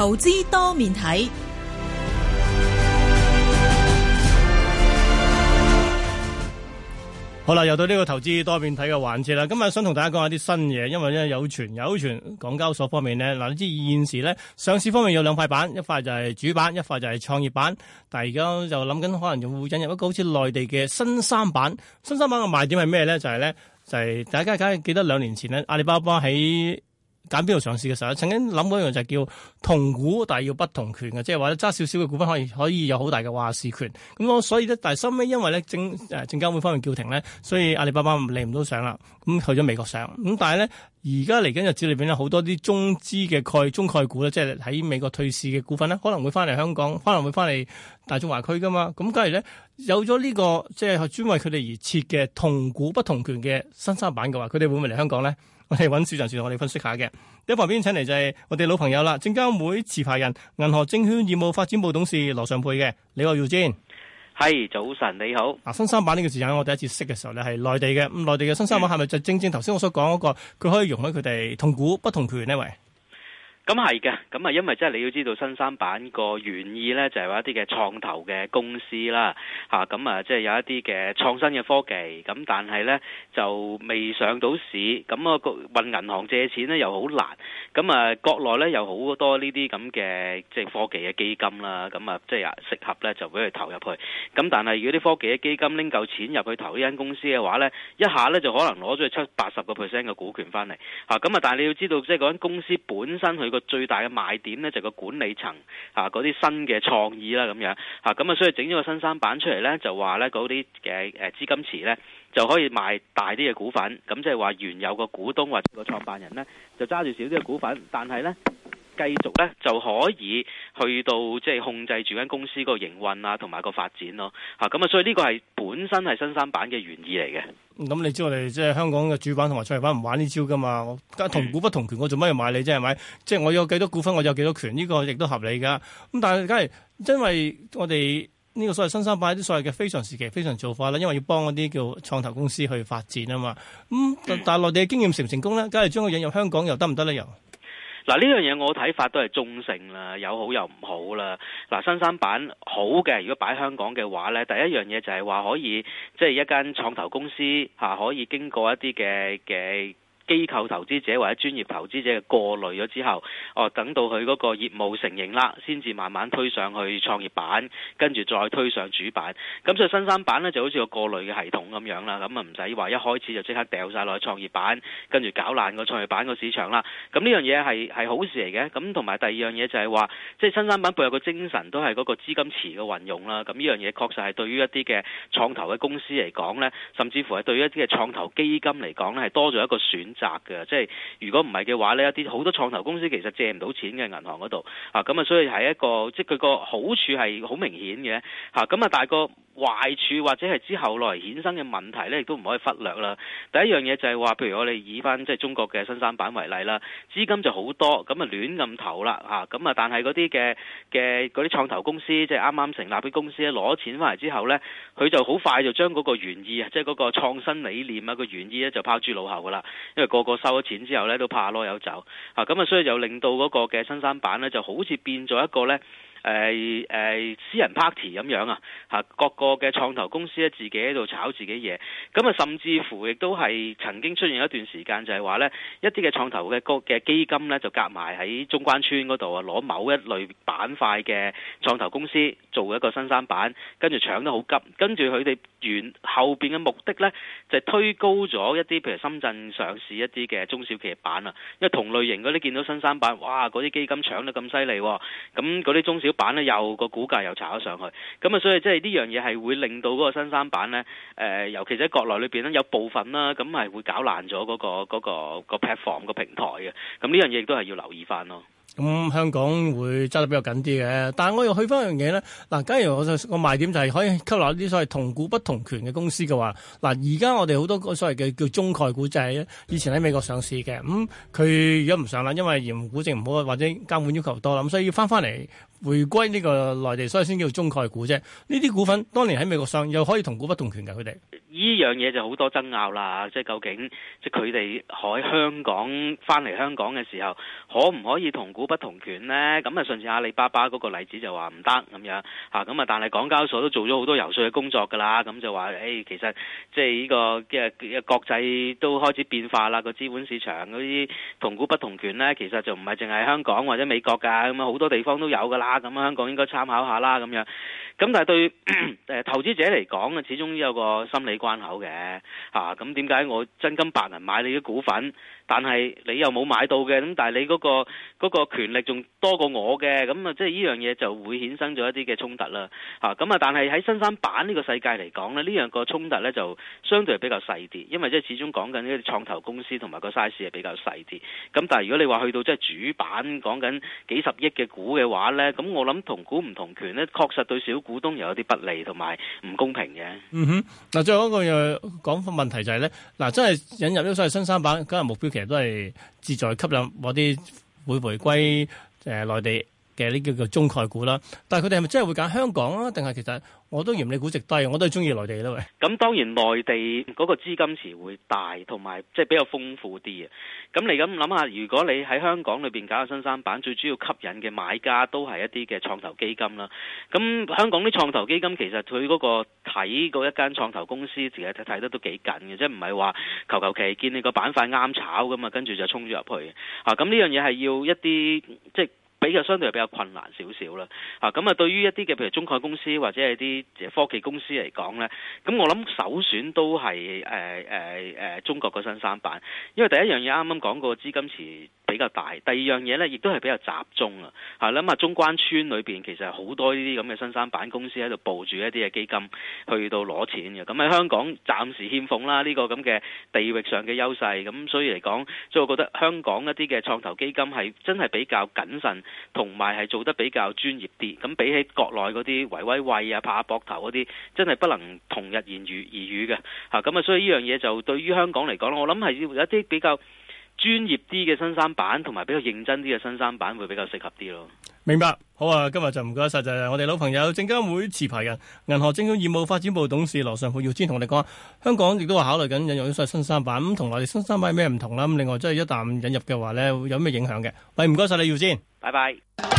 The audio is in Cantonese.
投資多面睇，好啦，又到呢個投資多面睇嘅環節啦。今日想同大家講下啲新嘢，因為呢有傳有傳，港交所方面呢，嗱，你知現時呢上市方面有兩塊板，一塊就係主板，一塊就係創業板。但係而家就諗緊，可能仲會引入一個好似內地嘅新三板。新三板嘅賣點係咩呢？就係呢，就係大家梗係記得兩年前呢，阿里巴巴喺。揀邊度上市嘅時候咧，曾經諗過一樣就係叫同股但係要不同權嘅，即係話揸少少嘅股份可以可以有好大嘅話事權。咁我所以咧，但係收尾因為咧，證誒證監會方面叫停咧，所以阿里巴巴唔嚟唔到上啦。咁去咗美國上。咁但係咧，而家嚟緊日子裏邊咧，好多啲中資嘅概中概股咧，即係喺美國退市嘅股份咧，可能會翻嚟香港，可能會翻嚟大中華區噶嘛。咁假如咧，有咗呢個即係專為佢哋而設嘅同股不同權嘅新三板嘅話，佢哋會唔會嚟香港咧？我哋揾市場時同我哋分析下嘅。喺旁邊請嚟就係我哋老朋友啦，證監會持牌人、銀河證券業務發展部董事羅尚沛嘅，你好，Eugene，係早晨，你好。嗱，hey, 新三板呢個時間我第一次識嘅時候咧，係內地嘅，咁、嗯、內地嘅新三板係咪就正正頭先我所講嗰個，佢可以容許佢哋同股不同權呢位？咁係嘅，咁啊，因為即係你要知道，新三板個原意呢，就係話一啲嘅創投嘅公司啦，嚇，咁啊，即係有一啲嘅創新嘅科技，咁但係呢就未上到市，咁啊，運銀行借錢呢又好難，咁啊，國內呢有好多呢啲咁嘅即係科技嘅基金啦，咁啊，即係適合呢就俾佢投入去，咁但係如果啲科技嘅基金拎夠錢入去投呢間公司嘅話呢，一下呢就可能攞咗七八十個 percent 嘅股權翻嚟，嚇，咁啊，但係你要知道，即係嗰間公司本身佢。個最大嘅賣點咧就係個管理層吓嗰啲新嘅創意啦，咁樣吓，咁啊，啊所以整咗個新三板出嚟咧就話咧，嗰啲嘅誒資金池咧就可以賣大啲嘅股份，咁即係話原有個股東或者個創辦人咧就揸住少啲嘅股份，但係咧。繼續咧就可以去到即係控制住間公司個營運啊，同埋個發展咯嚇。咁啊，所以呢個係本身係新三板嘅原意嚟嘅。咁、嗯、你知我哋即係香港嘅主板同埋創業板唔玩呢招噶嘛？同股不同權，我做乜要買你啫？係咪？即係我有幾多股份，我有幾多權？呢個亦都合理噶。咁、嗯、但係，梗係因為我哋呢個所謂新三板啲所謂嘅非常時期、非常做法咧，因為要幫嗰啲叫創投公司去發展啊嘛。咁、嗯、但係內地嘅經驗成唔成功咧？梗係將佢引入香港又得唔得咧？又嗱，呢樣嘢我睇法都係中性啦，有好有唔好啦。嗱，新三板好嘅，如果擺香港嘅話咧，第一樣嘢就係話可以，即就係是一間創投公司嚇，啊可以經過一啲嘅嘅。機構投資者或者專業投資者嘅過濾咗之後，哦，等到佢嗰個業務成型啦，先至慢慢推上去創業板，跟住再推上主板。咁所以新三板呢，就好似個過濾嘅系統咁樣啦，咁啊唔使話一開始就即刻掉晒落去創業板，跟住搞爛個創業板個市場啦。咁呢樣嘢係係好事嚟嘅。咁同埋第二樣嘢就係話，即係新三板背後個精神都係嗰個資金池嘅運用啦。咁呢樣嘢確實係對於一啲嘅創投嘅公司嚟講呢，甚至乎係對於一啲嘅創投基金嚟講呢，係多咗一個選窄嘅，即係，如果唔係嘅話，呢一啲好多創投公司其實借唔到錢嘅銀行嗰度啊，咁、嗯、啊，所以係一個，即係佢個好處係好明顯嘅吓。咁啊，大、嗯、個。壞處或者係之後來衍生嘅問題呢，亦都唔可以忽略啦。第一樣嘢就係話，譬如我哋以翻即係中國嘅新三板為例啦，資金就好多，咁啊亂咁投啦嚇，咁啊但係嗰啲嘅嘅啲創投公司即係啱啱成立啲公司咧攞錢翻嚟之後呢，佢就好快就將嗰個原意啊，即係嗰個創新理念啊、個原意咧就拋諸腦後噶啦，因為個個收咗錢之後呢，都怕攞有走嚇，咁啊，啊所以就令到嗰個嘅新三板呢，就好似變咗一個呢。誒誒、哎哎、私人 party 咁樣啊，嚇各個嘅創投公司咧自己喺度炒自己嘢，咁啊甚至乎亦都係曾經出現一段時間就係話咧，一啲嘅創投嘅個嘅基金咧就夾埋喺中關村嗰度啊攞某一類板塊嘅創投公司做一個新三板，跟住搶得好急，跟住佢哋完後邊嘅目的咧就係、是、推高咗一啲譬如深圳上市一啲嘅中小企業板啊，因為同類型嗰啲見到新三板，哇嗰啲基金搶得咁犀利，咁嗰啲中小板咧又個股價又炒咗上去，咁、嗯、啊所以即係呢樣嘢係會令到嗰個新三板咧，誒、呃，尤其喺國內裏邊咧有部分啦，咁、嗯、係會搞爛咗嗰個嗰、嗰個、個 platform、個平台嘅，咁、嗯、呢樣嘢亦都係要留意翻咯。咁、嗯、香港會揸得比較緊啲嘅，但係我又去翻一樣嘢咧。嗱，假如我個賣點就係可以吸納啲所謂同股不同權嘅公司嘅話，嗱，而家我哋好多所謂嘅叫中概股就係以前喺美國上市嘅。咁、嗯、佢如果唔上啦，因為嚴股證唔好，或者監管要求多，咁所以要翻翻嚟回歸呢個內地，所以先叫做中概股啫。呢啲股份當年喺美國上又可以同股不同權㗎，佢哋呢樣嘢就好多爭拗啦。即係究竟即係佢哋喺香港翻嚟香港嘅時候，可唔可以同股？同股不同權呢，咁啊，上次阿里巴巴嗰個例子就話唔得咁樣嚇，咁啊，但係港交所都做咗好多游説嘅工作㗎啦，咁就話誒、欸，其實即係呢個嘅國際都開始變化啦，個資本市場嗰啲同股不同權呢，其實就唔係淨係香港或者美國㗎，咁啊好多地方都有㗎啦，咁啊香港應該參考下啦，咁樣。咁但係對誒投資者嚟講啊，始終有個心理關口嘅嚇，咁點解我真金白銀買你啲股份？但係你又冇買到嘅，咁但係你嗰個嗰個權力仲多過我嘅，咁啊即係呢樣嘢就會衍生咗一啲嘅衝突啦。嚇，咁啊，但係喺新三板呢個世界嚟講咧，呢樣個衝突呢就相對比較細啲，因為即係始終講緊啲創投公司同埋個 size 係比較細啲。咁但係如果你話去到即係主板講緊幾十億嘅股嘅話呢，咁我諗同股唔同權呢確實對小股東又有啲不利同埋唔公平嘅。嗯哼，嗱，最後一個又講翻問題就係呢，嗱，真係引入咗所謂新三板梗係目標都係志在吸引我啲會回歸誒內地。嘅呢叫做中概股啦，但係佢哋係咪真係會揀香港啊？定係其實我都嫌你估值低，我都係中意內地咯。咁當然內地嗰個資金池會大，同埋即係比較豐富啲嘅。咁你咁諗下，如果你喺香港裏邊揀新三板，最主要吸引嘅買家都係一啲嘅創投基金啦。咁香港啲創投基金其實佢嗰個睇嗰一間創投公司，自己睇得都幾緊嘅，即係唔係話求求其見你個板塊啱炒噶嘛，跟住就沖咗入去。啊，咁呢樣嘢係要一啲即係。比較相對比較困難少少啦，吓、啊，咁啊對於一啲嘅，譬如中概公司或者係啲科技公司嚟講咧，咁我諗首選都係誒誒誒中國個新三板，因為第一樣嘢啱啱講過資金池，比較大，第二樣嘢呢亦都係比較集中啊。嚇，咁啊，中關村裏邊其實好多呢啲咁嘅新三板公司喺度佈住一啲嘅基金去到攞錢嘅。咁喺香港暫時欠奉啦，呢個咁嘅地域上嘅優勢，咁所以嚟講，所以我覺得香港一啲嘅創投基金係真係比較謹慎，同埋係做得比較專業啲。咁比起國內嗰啲維威惠啊、拍下膊頭嗰啲，真係不能同日言語而語嘅嚇。咁啊，所以呢樣嘢就對於香港嚟講我諗係要有一啲比較專業啲嘅新三板，同埋比較認真啲嘅新三板，會比較適合啲咯。明白，好啊！今日就唔該晒。就係、是、我哋老朋友證監會持牌人、銀河證券業務發展部董事羅尚沛耀先同我哋講，香港亦都話考慮緊引入一啲新三板。咁同我哋新三板咩唔同啦？咁另外真係一旦引入嘅話呢，會有咩影響嘅？唔該晒，你耀先，拜拜。